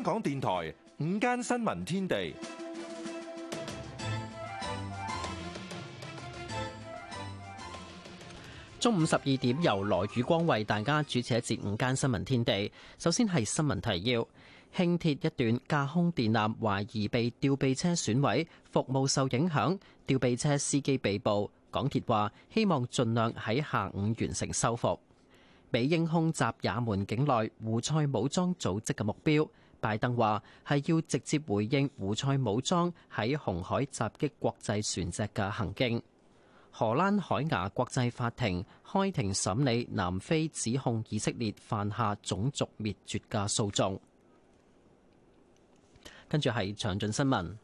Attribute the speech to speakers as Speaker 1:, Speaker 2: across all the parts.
Speaker 1: 香港電台午間新聞天地，
Speaker 2: 中午十二點由羅宇光為大家主持一節午間新聞天地。首先係新聞提要：輕鐵一段架空電纜懷疑被吊臂車損毀，服務受影響。吊臂車司機被捕。港鐵話希望盡量喺下午完成修復。美英空襲也門境內胡塞武裝組織嘅目標。拜登話：係要直接回應胡塞武裝喺紅海襲擊國際船隻嘅行徑。荷蘭海牙國際法庭開庭審理南非指控以色列犯下種族滅絕嘅訴訟。跟住係詳盡新聞。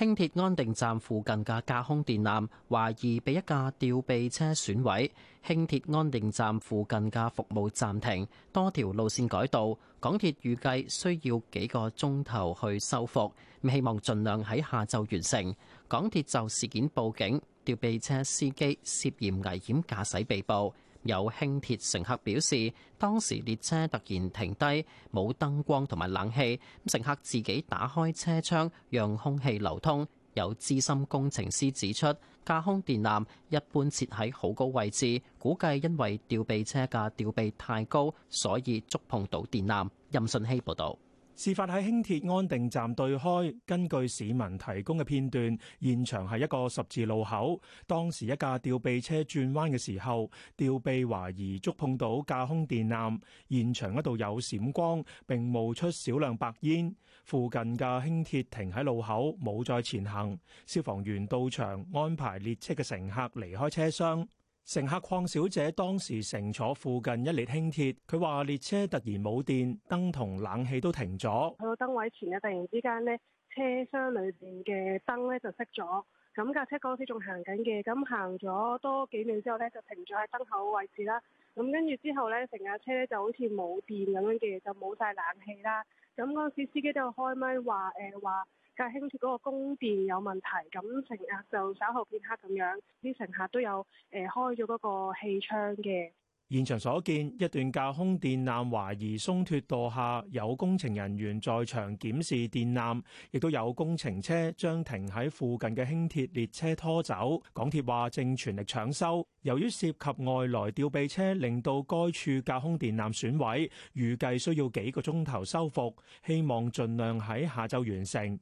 Speaker 2: 輕鐵安定站附近嘅架空電纜懷疑被一架吊臂車損毀，輕鐵安定站附近嘅服務暫停，多條路線改道。港鐵預計需要幾個鐘頭去修復，希望盡量喺下晝完成。港鐵就事件報警，吊臂車司機涉嫌危險駕駛被捕。有輕鐵乘客表示，當時列車突然停低，冇燈光同埋冷氣，乘客自己打開車窗讓空氣流通。有資深工程師指出，架空電纜一般設喺好高位置，估計因為吊臂車
Speaker 1: 架吊臂太高，所以觸碰到電纜。任信希報導。事發喺輕鐵安定站對開，根據市民提供嘅片段，現場係一個十字路口。當時一架吊臂車轉彎嘅時候，吊臂懷疑觸碰到架空電纜，現場一度有閃光並冒出少量白煙。附近嘅輕鐵停喺路口，冇再前行。消防員到場安排列車嘅乘客離開車廂。乘客鄺小姐當時乘坐附近一列輕鐵，佢話列車突然冇電，燈同冷氣都停咗。去到
Speaker 3: 燈位前，突然之間咧，車廂裏邊嘅燈咧就熄咗。咁架車嗰時仲行緊嘅，咁行咗多幾秒之後咧就停咗喺燈口位置啦。咁跟住之後咧，成架車咧就好似冇電咁樣嘅，就冇晒冷氣啦。咁嗰時司機都開咪話，誒、呃、話。架輕鐵嗰個供電有問題，咁乘客就稍後片刻咁樣，啲乘客都有誒開咗嗰個氣窗嘅。
Speaker 1: 現場所見，一段架空電纜懷疑鬆脱墮下，有工程人員在場檢視電纜，亦都有工程車將停喺附近嘅輕鐵列車拖走。港鐵話正全力搶修，由於涉及外來吊臂車令到該處架空電纜損毀，預計需要幾個鐘頭修復，希望盡量喺下晝完成。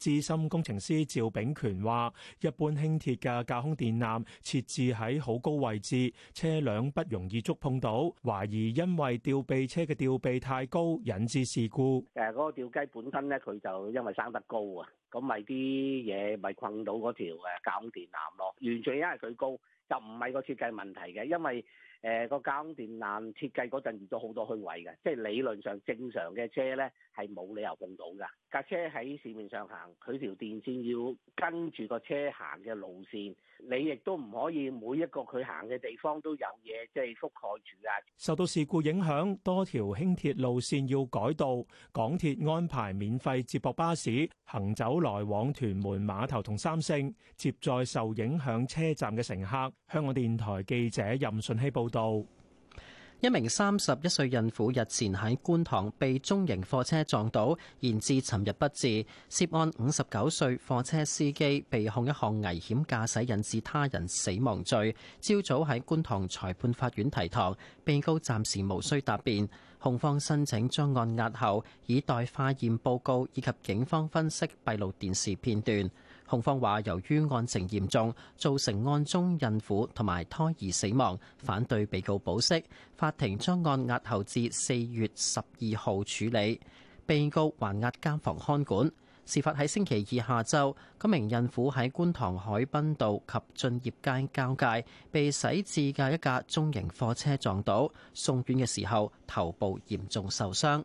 Speaker 1: 資深工程師趙炳權話，一般輕鐵嘅架空電纜設置喺好高位置，車輛不容易觸碰到。懷疑因為吊臂車嘅吊臂太高，引致事故。誒，嗰個吊機
Speaker 4: 本身咧，佢就因為生得高啊，咁咪啲嘢咪困到嗰條誒架空電纜咯。完全因為佢高，就唔係個設計問題嘅，因為誒個架空電纜設計嗰陣遇咗好多虛位嘅，即係理論上正常嘅車咧。係冇理由碰到噶，架車喺市面上行，佢條電線要跟住個車行嘅路線，你亦都唔可以每一個佢行嘅地方都有嘢即係覆蓋住
Speaker 1: 啊！受到事故影響，多條輕鐵路線要改道，港鐵安排免費接駁巴士行走來往屯門碼頭同三聖，接載受影響車站嘅乘客。香港電台記者任順希報道。一名三十一歲孕婦日前喺觀塘被中型貨車撞倒，
Speaker 2: 延至尋日不治。涉案五十九歲貨車司機被控一項危險駕駛引致他人死亡罪，朝早喺觀塘裁判法院提堂，被告暫時無需答辯。控方申請將案押後，以待化驗報告以及警方分析閉路電視片段。控方話，由於案情嚴重，造成案中孕婦同埋胎兒死亡，反對被告保釋。法庭將案押後至四月十二號處理。被告還押監，監房看管。事發喺星期二下晝，一名孕婦喺觀塘海濱道及進業街交界，被駛至嘅一架中型貨車撞到，送院嘅時候頭部嚴重受傷。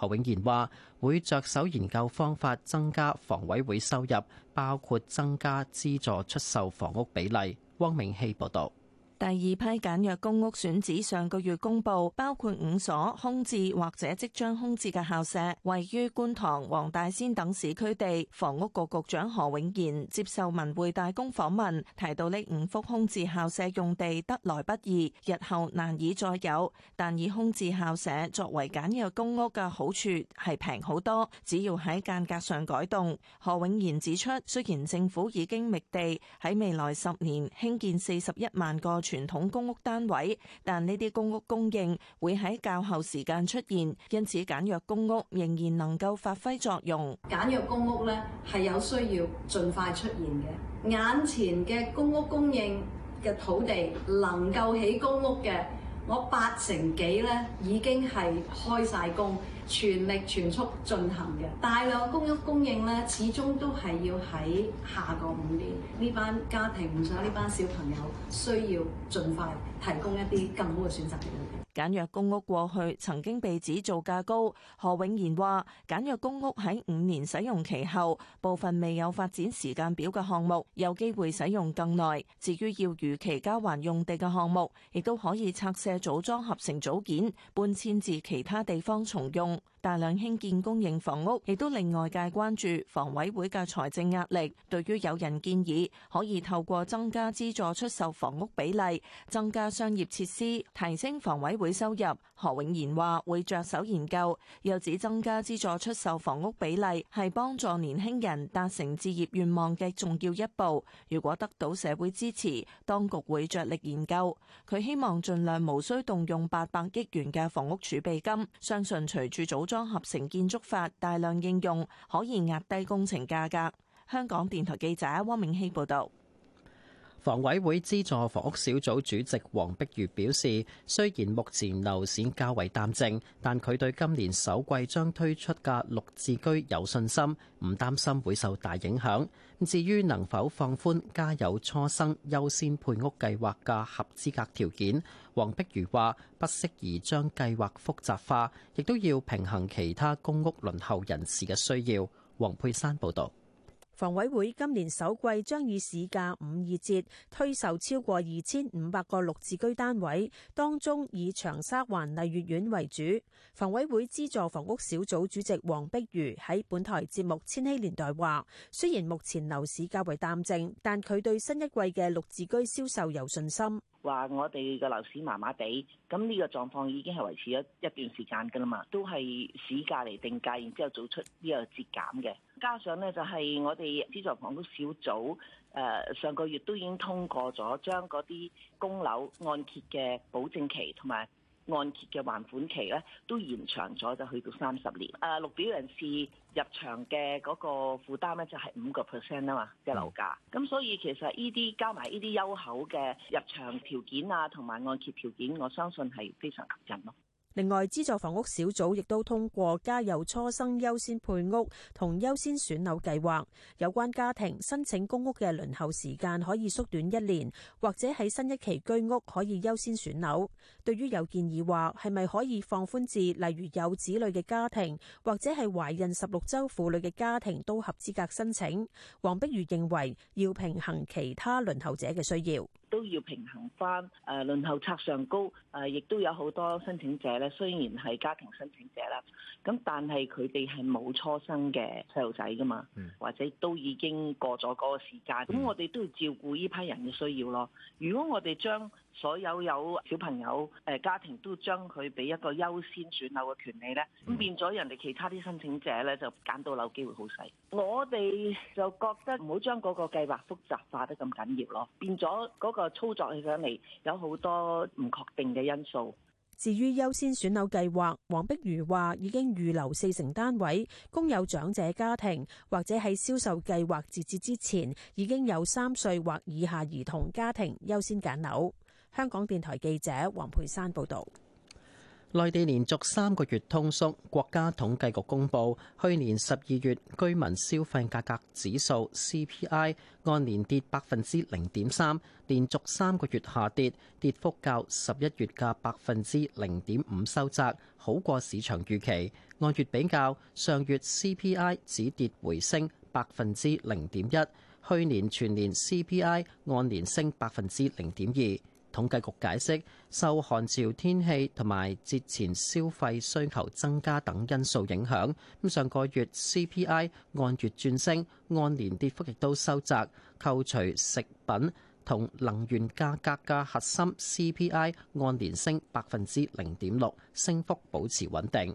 Speaker 2: 何永賢話：會着手研究方法，增加房委會收入，包括增加資助出售房屋比例。汪明希報道。
Speaker 5: 第二批簡約公屋選址上個月公布，包括五所空置或者即將空置嘅校舍，位於觀塘、黃大仙等市區地。房屋局局長何永賢接受文匯大公訪問，提到呢五幅空置校舍用地得來不易，日後難以再有。但以空置校舍作為簡約公屋嘅好處係平好多，只要喺間隔上改動，何永賢指出，雖然政府已經覓地，喺未來十年興建四十一萬個傳統公屋單位，但呢啲公屋供應會喺較後時間出現，因此簡約公屋仍然能夠發揮作用。簡約
Speaker 4: 公屋咧係
Speaker 5: 有需要盡快出現嘅，眼前嘅公屋供應嘅土地能夠起公屋嘅。我八成幾咧已經係開晒工，全力全速進行嘅大量供屋供應咧，始終都係要喺下個五年呢班家庭，唔想呢班小朋友需要盡快提供一啲更好嘅選擇。簡約公屋過去曾經被指造價高，何永賢話：簡約公屋喺五年使用期後，部分未有發展時間表嘅項目有機會使用更耐。至於要如期交還用地嘅項目，亦都可以拆卸組裝合成組件，搬遷至其他地方重用。大量興建公營房屋，亦都令外界關注房委會嘅財政壓力。對於有人建議，可以透過增加資助出售房屋比例、增加商業設施、提升房委會收入。何永賢話：會着手研究，又指增加資助出售房屋比例係幫助年輕人達成置業願望嘅重要一步。如果得到社會支持，當局會着力研究。佢希望盡量無需動用八百億元嘅房屋儲備金，相信隨住組裝合成建築法大量應用，可以壓低工程價格。香港電台記者汪明熙報道。
Speaker 2: 房委會資助房屋小組主席黃碧如表示，雖然目前樓市較為淡靜，但佢對今年首季將推出嘅六字居有信心，唔擔心會受大影響，至於能否放寬家有初生優先配屋計劃嘅合資格條件，黃碧如話不適宜將計劃複雜化，亦都要平衡其他公屋輪候人士嘅需要。黃佩珊報道。
Speaker 3: 房委會今年首季將以市價五二折推售超過二千五百個綠置居單位，當中以長沙灣麗悅苑為主。房委會資助房屋小組主席黃碧如喺本台節目《千禧年代》話：雖然目前樓市較為淡靜，但佢對新一季嘅綠置居銷售有信心。
Speaker 4: 話我哋嘅樓市麻麻地，咁呢個狀況已經係維持咗一段時間㗎啦嘛，都係市價嚟定價，然之後做出呢個節減嘅，加上咧就係、是、我哋資助房屋小組，誒、呃、上個月都已經通過咗將嗰啲供樓按揭嘅保證期同埋。按揭嘅還款期咧都延長咗，就去到三十年。誒、啊，綠表人士入場嘅嗰個負擔咧就係五個 percent 啊嘛嘅樓價，咁 No. 所以其實呢啲加埋呢啲優厚嘅入場條件啊，同埋按揭條件，我相信係非常吸引咯。
Speaker 3: 另外，資助房屋小組亦都通過家有初生優先配屋同優先選樓計劃，有關家庭申請公屋嘅輪候時間可以縮短一年，或者喺新一期居屋可以優先選樓，對於有建議話，係咪可以放寬至例如有子女嘅家庭，或者係懷孕十六周婦女嘅家庭都合資格申請，黃碧如認為要平衡其他輪候者嘅需要。
Speaker 4: 都要平衡翻，誒、呃、輪候冊上高，誒、呃、亦都有好多申請者咧，雖然係家庭申請者啦，咁但係佢哋係冇初生嘅細路仔噶嘛，或者都已經過咗嗰個時間，咁我哋都要照顧呢批人嘅需要咯。如果我哋將所有有小朋友誒家庭，都將佢俾一個優先選樓嘅權利呢，咁變咗人哋其他啲申請者呢，就揀到樓機會好細。我哋就覺得唔好將嗰個計劃複雜化得咁緊要咯，變咗嗰個操作起上嚟有好多唔確定嘅因素。
Speaker 3: 至於優先選樓計劃，黃碧如話已經預留四成單位，供有長者家庭或者喺銷售計劃截止之前已經有三歲或以下兒童家庭優先揀樓。香港電台記者黃佩珊報道，
Speaker 2: 內地連續三個月通縮。國家統計局公布，去年十二月居民消費價格指數 CPI 按年跌百分之零點三，連續三個月下跌，跌幅較十一月嘅百分之零點五收窄，好過市場預期。按月比較，上月 CPI 止跌回升百分之零點一，去年全年 CPI 按年升百分之零點二。統計局解釋，受寒潮天氣同埋節前消費需求增加等因素影響，咁上個月 CPI 按月轉升，按年跌幅亦都收窄。扣除食品同能源價格嘅核心 CPI 按年升百分之零點六，升幅保持穩定。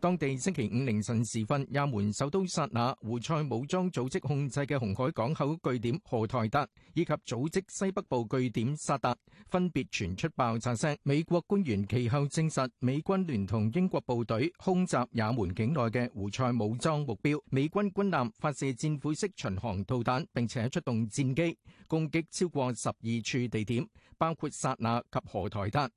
Speaker 6: 當地星期五凌晨時分，也門首都薩那胡塞武裝組織控制嘅紅海港口據點荷台達，以及組織西北部據點薩達，分別傳出爆炸聲。美國官員其後證實，美軍聯同英國部隊空襲也門境內嘅胡塞武裝目標，美軍軍艦發射戰斧式巡航導彈，並且出動戰機，攻擊超過十二處地點，包括薩那及荷台達。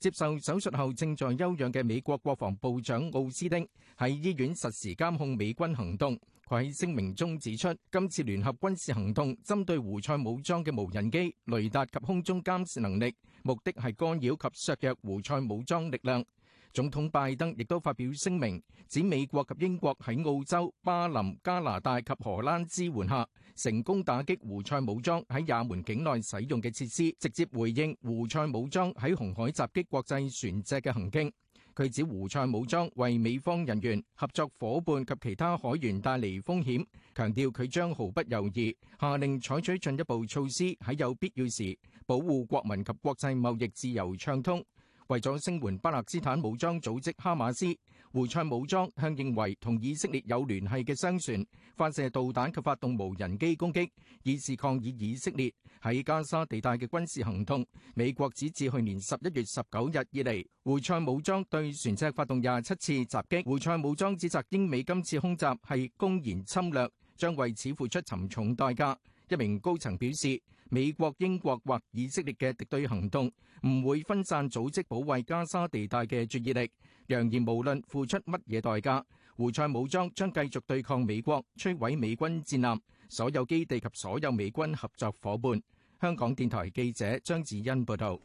Speaker 6: 接受手術後正在休養嘅美國國防部長奧斯汀喺醫院實時監控美軍行動。佢喺聲明中指出，今次聯合軍事行動針對胡塞武裝嘅無人機、雷達及空中監視能力，目的係干擾及削弱胡塞武裝力量。總統拜登亦都發表聲明，指美國及英國喺澳洲、巴林、加拿大及荷蘭支援下，成功打擊胡塞武裝喺也門境內使用嘅設施，直接回應胡塞武裝喺紅海襲擊國際船隻嘅行徑。佢指胡塞武裝為美方人員、合作夥伴及其他海員帶嚟風險，強調佢將毫不猶豫下令採取進一步措施，喺有必要時保護國民及國際貿易自由暢通。為咗聲援巴勒斯坦武裝組織哈馬斯，胡塞武裝向認為同以色列有聯繫嘅商船發射導彈及發動無人機攻擊，以示抗議以色列喺加沙地帶嘅軍事行動。美國指自去年十一月十九日以嚟，胡塞武裝對船隻發動廿七次襲擊。胡塞武裝指責英美今次空襲係公然侵略，將為此付出沉重代價。一名高層表示：美國、英國或以色列嘅敵對行動。唔會分散組織保衛加沙地帶嘅注意力，揚言無論付出乜嘢代價，胡塞武裝將繼續對抗美國，摧毀美軍戰艦所有基地及所有美軍合作伙伴。香港電台記者張志欣報道，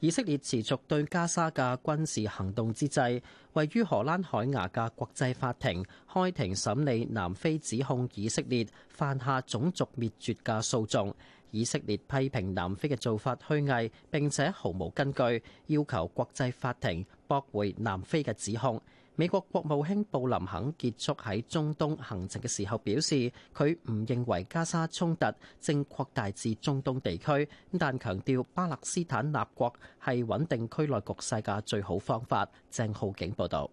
Speaker 6: 以色
Speaker 2: 列持續對加沙嘅軍事行動之際，位於荷蘭海牙嘅國際法庭開庭審理南非指控以色列犯下種族滅絕嘅訴訟。以色列批評南非嘅做法虛偽，並且毫無根據，要求國際法庭駁回南非嘅指控。美國國務卿布林肯結束喺中東行程嘅時候表示，佢唔認為加沙衝突正擴大至中東地區，但強調巴勒斯坦立國係穩定區內局勢嘅最好方法。鄭浩景報道。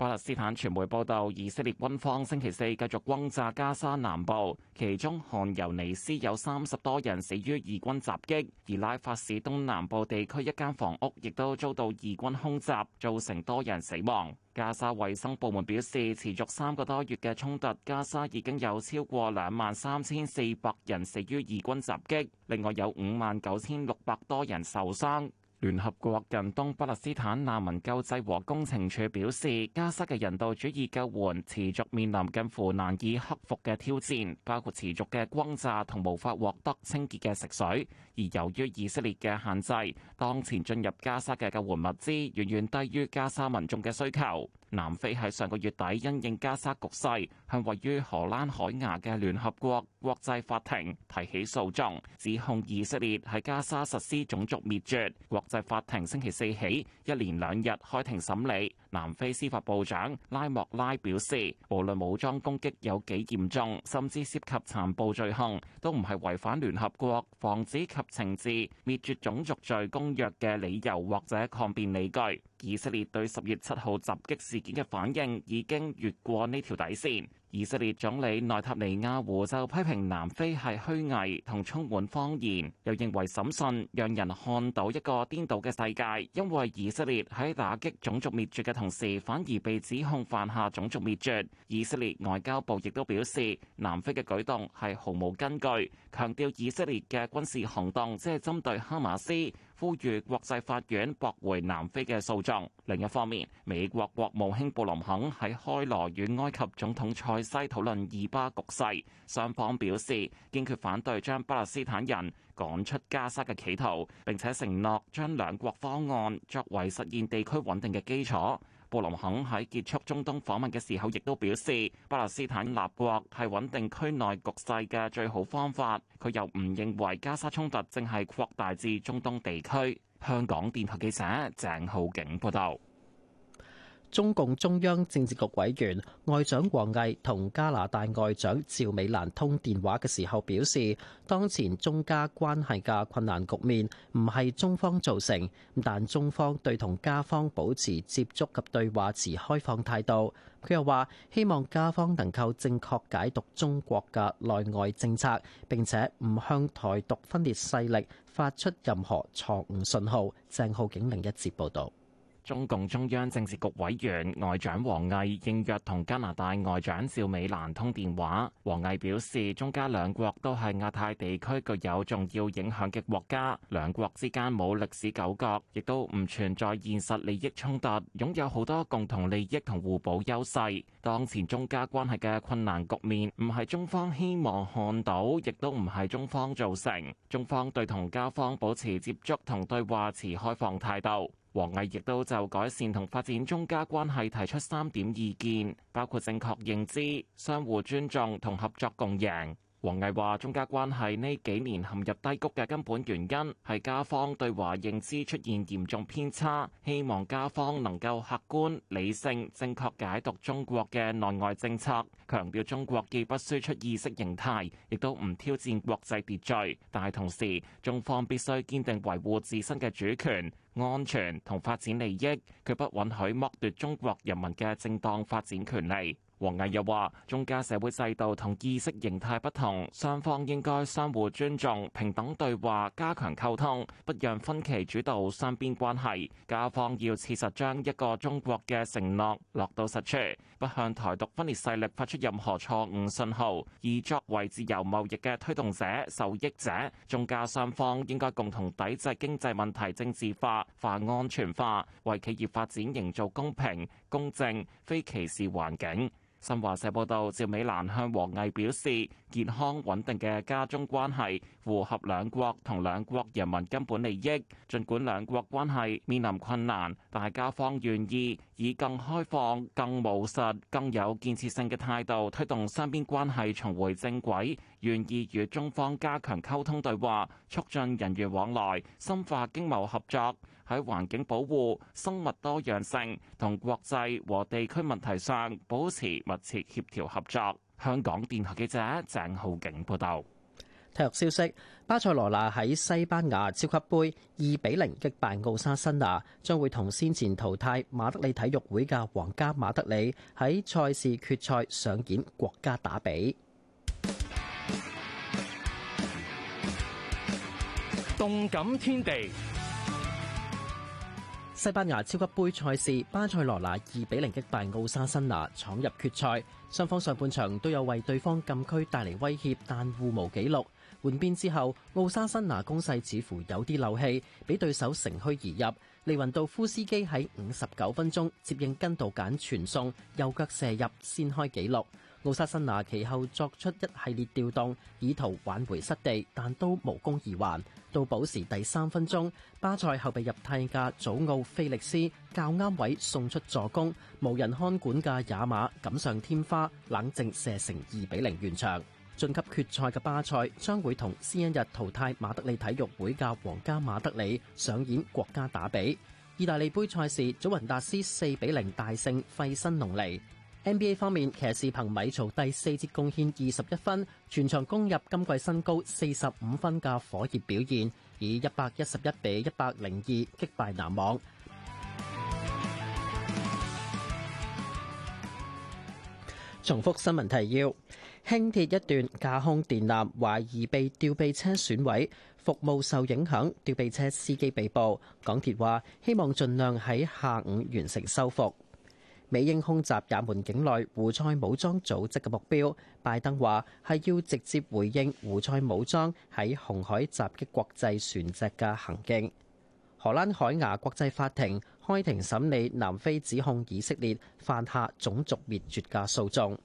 Speaker 7: 巴勒斯坦傳媒報道，以色列軍方星期四繼續轟炸加沙南部，其中汗尤尼斯有三十多人死於以軍襲擊，而拉法市東南部地區一間房屋亦都遭到以軍空襲，造成多人死亡。加沙衛生部門表示，持續三個多月嘅衝突，加沙已經有超過兩萬三千四百人死於以軍襲擊，另外有五萬九千六百多人受傷。聯合國近東巴勒斯坦難民救濟和工程處表示，加沙嘅人道主義救援持續面臨近乎難以克服嘅挑戰，包括持續嘅轟炸同無法獲得清潔嘅食水，而由於以色列嘅限制，當前進入加沙嘅救援物資遠遠低於加沙民眾嘅需求。南非喺上個月底因應加沙局勢，向位於荷蘭海牙嘅聯合國國際法庭提起訴訟，指控以色列喺加沙實施種族滅絕。國際法庭星期四起，一連兩日開庭審理。南非司法部長拉莫拉表示，無論武裝攻擊有幾嚴重，甚至涉及殘暴罪行，都唔係違反聯合國防止及懲治滅絕種族罪公約嘅理由或者抗辯理據，以色列對十月七號襲擊事件嘅反應已經越過呢條底線。以色列總理內塔尼亞胡就批評南非係虛偽同充滿謊言，又認為審訊讓人看到一個顛倒嘅世界，因為以色列喺打擊種族滅絕嘅同時，反而被指控犯下種族滅絕。以色列外交部亦都表示，南非嘅舉動係毫無根據，強調以色列嘅軍事行動只係針對哈馬斯。呼籲國際法院駁回南非嘅訴訟。另一方面，美國國務卿布林肯喺開羅與埃及總統塞西討論以巴局勢，雙方表示堅決反對將巴勒斯坦人趕出加沙嘅企圖，並且承諾將兩國方案作為實現地區穩定嘅基礎。布林肯喺結束中東訪問嘅時候，亦都表示巴勒斯坦立國係穩定區內局勢嘅最好方法。佢又唔認為加沙衝突正係擴大至中東地區，香港電台記者鄭浩景報道。
Speaker 2: 中共中央政治局委員外長王毅同加拿大外長趙美蘭通電話嘅時候表示，當前中加關係嘅困難局面唔係中方造成，但中方對同加方保持接觸及對話持開放態度。佢又話希望加方能夠正確解讀中國嘅內外政策並且唔向台獨分裂勢力發出任何錯誤信號。鄭浩景
Speaker 7: 另一節報道。中共中央政治局委員外長王毅應約同加拿大外長趙美蘭通電話，王毅表示，中加兩國都係亞太地區具有重要影響嘅國家，兩國之間冇歷史糾葛，亦都唔存在現實利益衝突，擁有好多共同利益同互補優勢，當前中加關係嘅困難局面，唔係中方希望看到，亦都唔係中方造成。中方對同加方保持接觸同對話持開放態度。王毅亦都就改善同發展中加關係提出三點意見，包括正確認知、相互尊重同合作共贏。王毅話，中加關係呢幾年陷入低谷嘅根本原因係加方對華認知出現嚴重偏差，希望加方能夠客觀理性、正確解讀中國嘅內外政策。強調中國既不輸出意識形態，亦都唔挑戰國際秩序，但係同時中方必須堅定維護自身嘅主權安全同發展利益，卻不允許剝奪中國人民嘅正當發展權利。王毅又話：中加社會制度同意識形態不同，雙方應該相互尊重、平等對話、加強溝通，不讓分歧主導雙邊關係。加方要切實將一個中國嘅承諾落到實處，不向台獨分裂勢力發出任何錯誤信號。而作為自由貿易嘅推動者、受益者，中加雙方應該共同抵制經濟問題政治化、泛安全化，為企業發展營造公平、公正、非歧視環境。新華社報道，趙美蘭向王毅表示，健康穩定嘅加中關係符合兩國同兩國人民根本利益。儘管兩國關係面臨困難，但係加方願意。以更開放、更務實、更有建設性嘅態度推動三邊關係重回正軌，願意與中方加強溝通對話，促進人員往來，深化經貿合作，喺環境保護、生物多樣性同國際和地區問題上保持密切協調合作。香港電台記者鄭浩景報道。
Speaker 2: 體育消息：巴塞羅那喺西班牙超級盃二比零擊敗奧沙辛拿，將會同先前淘汰馬德里體育會嘅皇家馬德里喺賽事決賽上演國家打比。
Speaker 8: 動感天地，
Speaker 2: 西班牙超級盃賽事，巴塞羅那二比零擊敗奧沙辛拿，闖入決賽。雙方上半場都有為對方禁區帶嚟威脅，但互無紀錄。換邊之後，奧沙辛拿攻勢似乎有啲漏氣，俾對手乘虛而入。利雲道夫斯基喺五十九分鐘接應跟道簡傳送，右腳射入先開紀錄。奧沙辛拿其後作出一系列調動，以圖挽回失地，但都無功而還。到補時第三分鐘，巴塞後備入替嘅祖奧菲力斯較啱位送出助攻，無人看管嘅雅馬錦上添花，冷靜射成二比零完場。晉級決賽嘅巴塞將會同先一日淘汰馬德里體育會嘅皇家馬德里上演國家打比。意大利盃賽事，祖雲達斯四比零大勝費辛農利。NBA 方面，騎士憑米槽第四節貢獻二十一分，全場攻入今季新高四十五分嘅火熱表現，以一百一十一比一百零二擊敗籃網。重複新聞提要。輕鐵一段架空電纜懷疑被吊臂車損毀，服務受影響，吊臂車司機被捕。港鐵話希望盡量喺下午完成修復。美英空襲也門境內胡塞武裝組織嘅目標，拜登話係要直接回應胡塞武裝喺紅海襲擊國際船隻嘅行徑。荷蘭海牙國際法庭開庭審理南非指控以色列犯下種族滅絕嘅訴訟。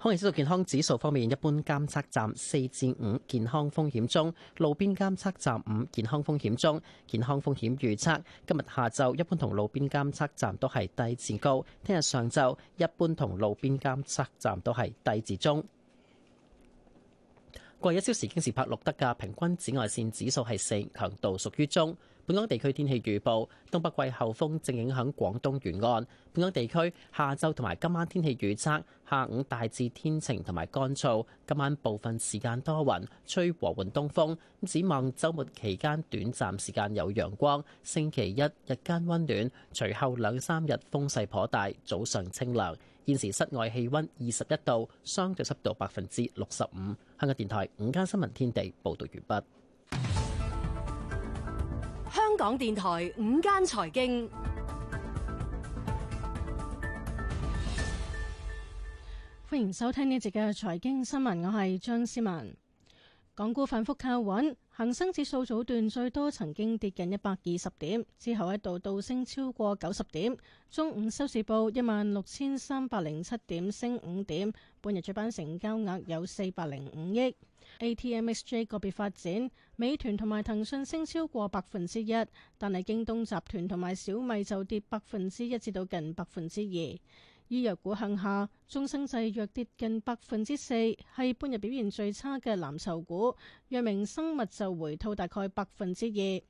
Speaker 2: 空氣質素健康指數方面，一般監測站四至五，健康風險中，路邊監測站五，健康風險中。健康風險預測，今日下晝一般同路邊監測站都係低至高，聽日上晝一般同路邊監測站都係低至中。過去一小時經京士柏錄得嘅平均紫外線指數係四，強度屬於中。本港地區天氣預報：東北季候風正影響廣東沿岸。本港地區下晝同埋今晚天氣預測：下午大致天晴同埋乾燥，今晚部分時間多雲，吹和緩東風。咁展望周末期間短暫時間有陽光，星期一日間溫暖，隨後兩三日風勢頗大，早上清涼。現時室外氣溫二十一度，相對濕度百分之六十五。香港電台午間新聞天地報道完畢。
Speaker 9: 香港電台五間財經，歡迎收聽呢節嘅財經新聞。我係張思文。港股反復靠穩，恒生指數早段最多曾經跌近一百二十點，之後一度倒升超過九十點。中午收市報一萬六千三百零七點，升五點。半日主板成交額有四百零五億。ATMXJ 個別發展，美團同埋騰訊升超過百分之一，但係京東集團同埋小米就跌百分之一至到近百分之二。醫藥股向下，中生製藥跌近百分之四，係半日表現最差嘅藍籌股。藥明生物就回吐大概百分之二。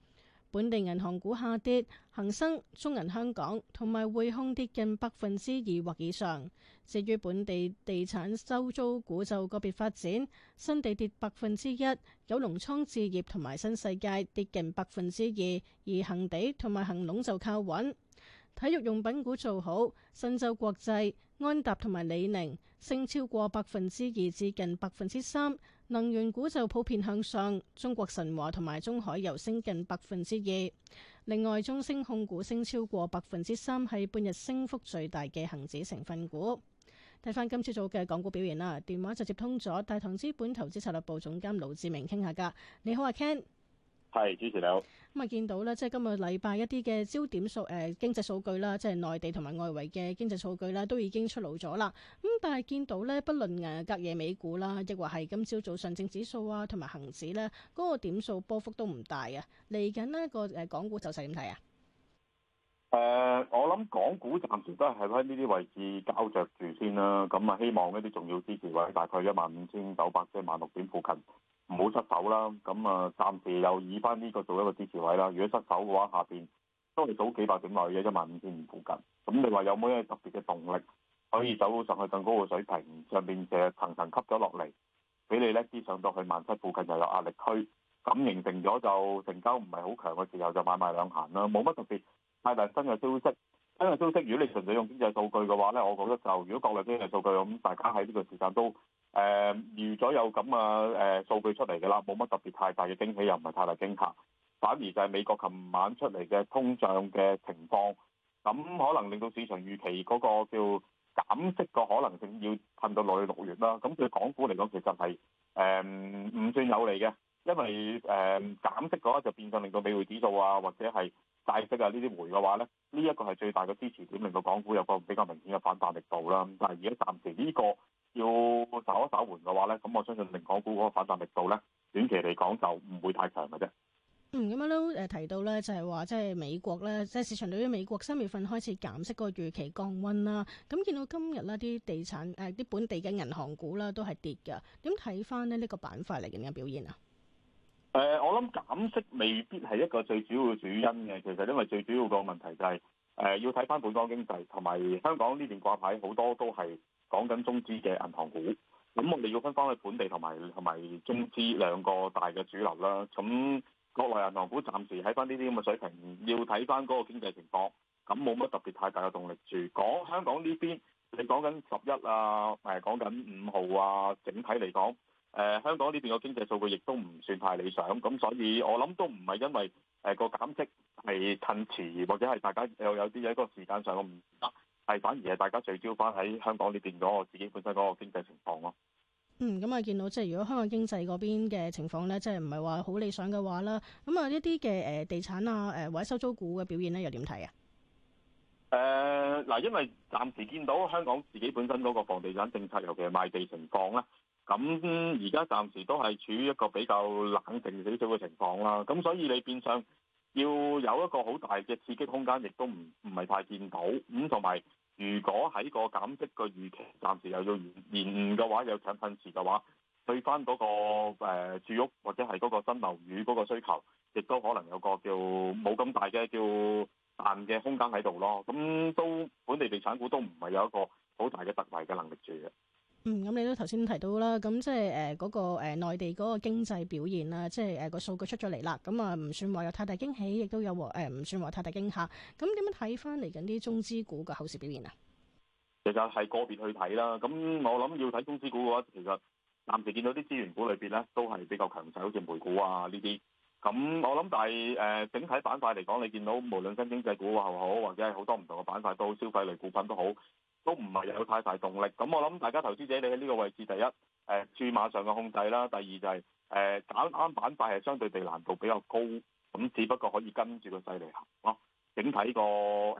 Speaker 9: 本地銀行股下跌，恒生、中銀香港同埋匯控跌近百分之二或以上。至於本地地產收租股就個別發展，新地跌百分之一，九龍倉置業同埋新世界跌近百分之二，而恒地同埋恒隆就靠穩。體育用品股做好，申洲國際、安踏同埋李寧升超過百分之二至近百分之三。能源股就普遍向上，中國神華同埋中海油升近百分之二。另外，中升控股升超過百分之三，係半日升幅最大嘅恒指成分股。睇返今朝早嘅港股表現啦，電話就接通咗大同資本投資策略部總監盧盧志明傾下㗎。你好啊，Ken。係主持你好。咁啊，見到咧，即係今個禮拜一啲嘅焦點數誒、呃、經濟數據啦，即係內地同埋外圍嘅經濟數據啦，都已經出爐咗啦。咁但係見到咧，不論誒隔夜美股啦，亦或係今朝早上證指數啊，同埋恒指咧，嗰、那個點數波幅都唔大啊。嚟緊呢個誒港股走勢點睇啊？
Speaker 8: 誒、呃，我諗港股暫時都係喺呢啲位置交着住先啦。咁、嗯、啊，希望一啲重要支持位大概一萬五千九百即係萬六點附近。唔好失手啦，咁啊，暫時又以翻呢個做一個支持位啦。如果失手嘅話，下邊都係早幾百點落去嘅一萬五千五附近。咁你話有冇一啲特別嘅動力可以走到上去更高嘅水平？上邊成日層層吸咗落嚟，俾你叻啲上到去萬七附近就有壓力區，咁形成咗就成交唔係好強嘅時候就買賣兩行啦。冇乜特別太大新嘅消息，新嘅消息。如果你純粹用經濟數據嘅話咧，我覺得就如果國內經濟數據咁，大家喺呢個時間都。誒預咗有咁嘅誒數據出嚟㗎啦，冇乜特別太大嘅驚喜，又唔係太大驚嚇，反而就係美國琴晚出嚟嘅通脹嘅情況，咁、嗯、可能令到市場預期嗰個叫減息個可能性要褪到六月六月啦。咁對港股嚟講，其實係誒唔算有利嘅，因為誒、呃、減息嗰一刻就變相令到美匯指數啊或者係債息啊呢啲回嘅話咧，呢、這、一個係最大嘅支持點，令到港股有個比較明顯嘅反彈力度啦。但係而家暫時呢、這個。要稍一稍緩嘅話咧，咁我相信令港股嗰個反彈力度咧，短期嚟講就唔會太強嘅啫。
Speaker 9: 嗯，咁樣都誒提到咧，就係話即係美國咧，即係市場對於美國三月份開始減息個預期降溫啦。咁見到今日呢啲地產誒啲、呃、本地嘅銀行股啦，都係跌嘅。點睇翻呢呢個板塊嚟緊嘅表現啊？
Speaker 8: 誒、呃，我諗減息未必係一個最主要嘅主因嘅，其實因為最主要個問題就係。誒要睇翻本港經濟，同埋香港呢邊掛牌好多都係講緊中資嘅銀行股。咁我哋要分翻去本地同埋同埋中資兩個大嘅主流啦。咁國內銀行股暫時喺翻呢啲咁嘅水平，要睇翻嗰個經濟情況，咁冇乜特別太大嘅動力住。講香港呢邊，你講緊十一啊，誒講緊五號啊，整體嚟講，誒、呃、香港呢邊個經濟數據亦都唔算太理想。咁所以我諗都唔係因為。誒，個減息係趁遲，或者係大家有有啲喺個時間上嘅唔得，係反而係大家聚焦翻喺香港呢邊嗰個自己本身嗰個經濟情況咯。
Speaker 9: 嗯，咁啊，見到即係如果香港經濟嗰邊嘅情況咧，即係唔係話好理想嘅話啦，咁啊，一啲嘅誒地產啊，誒或者收租股嘅表現咧又點睇啊？
Speaker 8: 誒，嗱、呃，因為暫時見到香港自己本身嗰個房地產政策，尤其係賣地情況啦。咁而家暫時都係處於一個比較冷靜少少嘅情況啦，咁所以你變相要有一個好大嘅刺激空間，亦都唔唔係太見到。咁同埋，如果喺個減息嘅預期暫時又要延延嘅話，又長陣時嘅話，對返嗰個誒住屋或者係嗰個新樓宇嗰個需求，亦都可能有個叫冇咁大嘅叫彈嘅空間喺度咯。咁都本地地產股都唔係有一個好大嘅突圍嘅能力住嘅。
Speaker 9: 嗯，咁你都頭先提到啦，咁即係誒嗰個誒內、呃、地嗰個經濟表現啦，即係誒、呃那個數據出咗嚟啦，咁啊唔算話有太大驚喜，亦都有誒唔、呃、算話太大驚嚇。咁點樣睇翻嚟緊啲中資股嘅後市表現啊？
Speaker 8: 其實係個別去睇啦，咁我諗要睇中資股嘅話，其實暫時見到啲資源股裏邊咧都係比較強勢，好似煤股啊呢啲。咁我諗但係誒、呃、整體板塊嚟講，你見到無論新經濟股又好，好，或者係好多唔同嘅板塊都消費類股份都好。都唔係有太大動力，咁我諗大家投資者，你喺呢個位置，第一，誒注碼上嘅控制啦，第二就係誒揀啱板塊係相對地難度比較高，咁只不過可以跟住個勢嚟行咯、啊。整體個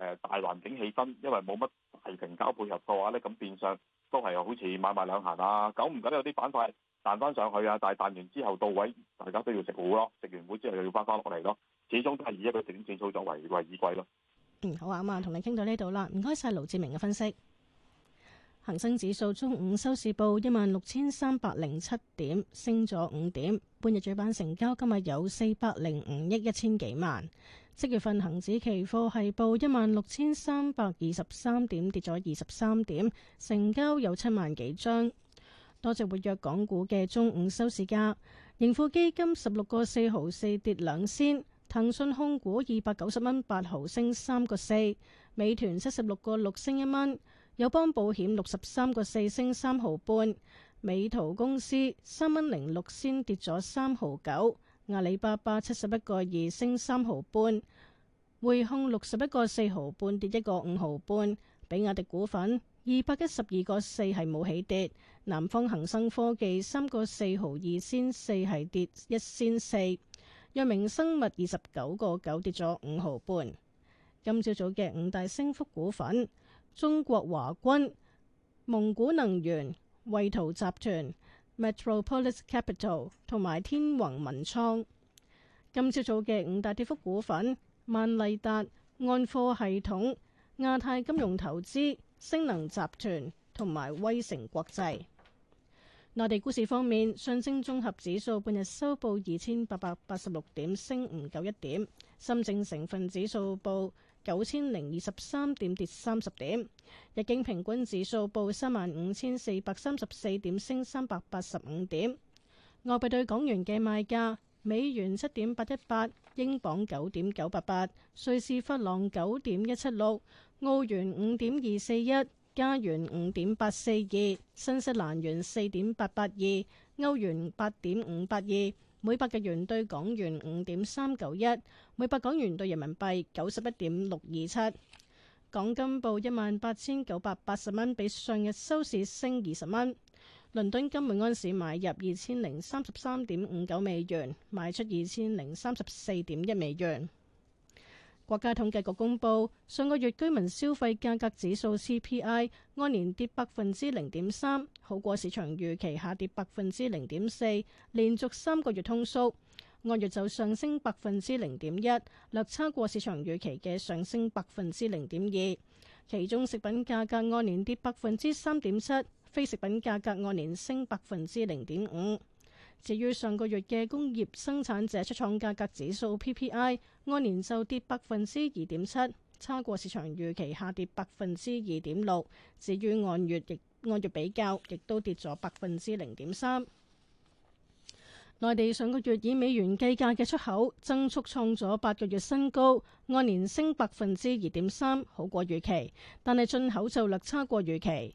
Speaker 8: 誒大環境氣氛，因為冇乜大成交配合嘅話咧，咁變相都係好似買賣兩行啊。久唔久都有啲板塊彈翻上去啊，但係彈完之後到位，大家都要食糊咯，食完糊之後又要翻翻落嚟咯。始終都係以一個短線操作為為依歸咯。
Speaker 9: 嗯，好啊，咁啊，同你傾到呢度啦，唔該晒，盧志明嘅分析。恒生指數中午收市報一萬六千三百零七點，升咗五點。半日主板成交今日有四百零五億一千幾萬。即月份恒指期貨係報一萬六千三百二十三點，跌咗二十三點，成交有七萬幾張。多隻活躍港股嘅中午收市價，盈富基金十六個四毫四跌兩仙，騰訊控股二百九十蚊八毫升三個四，美團七十六個六升一蚊。友邦保險六十三個四升三毫半，美圖公司三蚊零六先跌咗三毫九，阿里巴巴七十一個二升三毫半，匯控六十一個四毫半跌一個五毫半，比亞迪股份二百一十二個四係冇起跌，南方恒生科技三個四毫二先四係跌一先四，藥明生物二十九個九跌咗五毫半，今朝早嘅五大升幅股份。中國華君、蒙古能源、惠圖集團、Metropolis Capital 同埋天宏文創。今朝早嘅五大跌幅股份：萬麗達、安科系統、亞太金融投資、星能集團同埋威城國際。內地股市方面，上證綜合指數半日收報二千八百八十六點，升五九一點。深證成分指數報。九千零二十三點，跌三十點，日經平均指數報三萬五千四百三十四點，升三百八十五點。外幣對港元嘅賣價：美元七點八一八，英鎊九點九八八，瑞士法郎九點一七六，澳元五點二四一，加元五點八四二，新西蘭元四點八八二，歐元八點五八二。每百日元兌港元五點三九一，每百港元兌人民幣九十一點六二七。港金報一萬八千九百八十蚊，比上日收市升二十蚊。倫敦金每安士買入二千零三十三點五九美元，賣出二千零三十四點一美元。國家統計局公布上個月居民消費價格指數 CPI 按年跌百分之零點三，好過市場預期下跌百分之零點四，連續三個月通縮。按月就上升百分之零點一，略差過市場預期嘅上升百分之零點二。其中食品價格按年跌百分之三點七，非食品價格按年升百分之零點五。至於上個月嘅工業生產者出廠價格指數 PPI，按年就跌百分之二點七，差過市場預期下跌百分之二點六。至於按月，亦按月比較，亦都跌咗百分之零點三。內地上個月以美元計價嘅出口增速創咗八個月新高，按年升百分之二點三，好過預期，但係進口就略差過預期。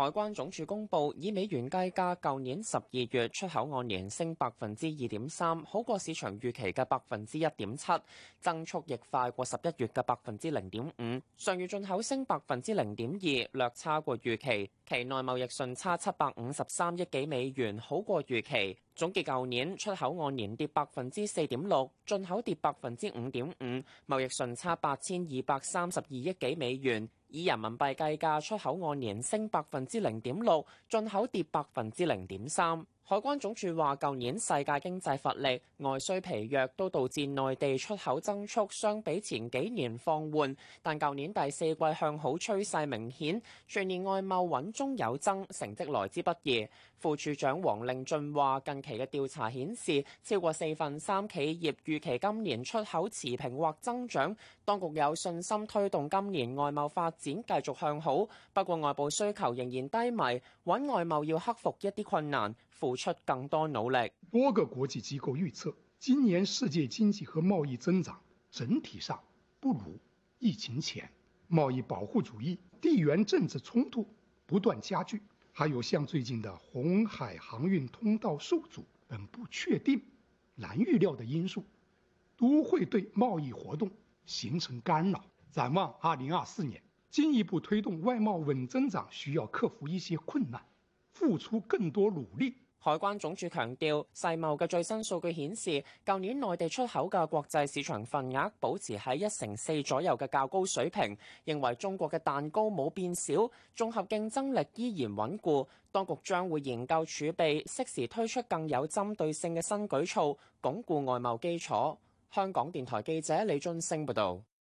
Speaker 10: 海關總署公佈，以美元計價，舊年十二月出口按年升百分之二點三，好過市場預期嘅百分之一點七，增速亦快過十一月嘅百分之零點五。上月進口升百分之零點二，略差過預期。期內貿易順差七百五十三億幾美元，好過預期。總結，舊年出口按年跌百分之四點六，進口跌百分之五點五，貿易順差八千二百三十二億幾美元。以人民幣計價，出口按年升百分之零點六，進口跌百分之零點三。海關總署話，舊年世界經濟乏力、外需疲弱都導致內地出口增速相比前幾年放緩，但舊年第四季向好趨勢明顯，全年外貿穩中有增，成績來之不易。副署長王令俊話：近期嘅調查顯示，超過四分三企業預期今年出口持平或增長。當局有信心推動今年外貿發展繼續向好，不過外部需求仍然低迷，穩外貿要克服一啲困難，付出
Speaker 8: 更多努力。多個國際機構預測，今年世界經濟和貿易增長整體上不如疫情前。貿易保護主義、地緣政治衝突不斷加劇，還有像最近的紅海航運通道受阻等不確定、難預料的因素，都會對貿易活動。形成干擾，展望二零二四年，進一步推動外貿穩增長，需要克服一些困難，付出更多努力。海關
Speaker 10: 總署強調，世貿嘅最新數據顯示，舊年內地出口嘅國際市場份額保持喺一成四左右嘅較高水平，認為中國嘅蛋糕冇變小，綜合競爭力依然穩固。當局將會研究儲備，適時推出更有針對性嘅新舉措，鞏固外貿基礎。香港電台記者李俊升報道。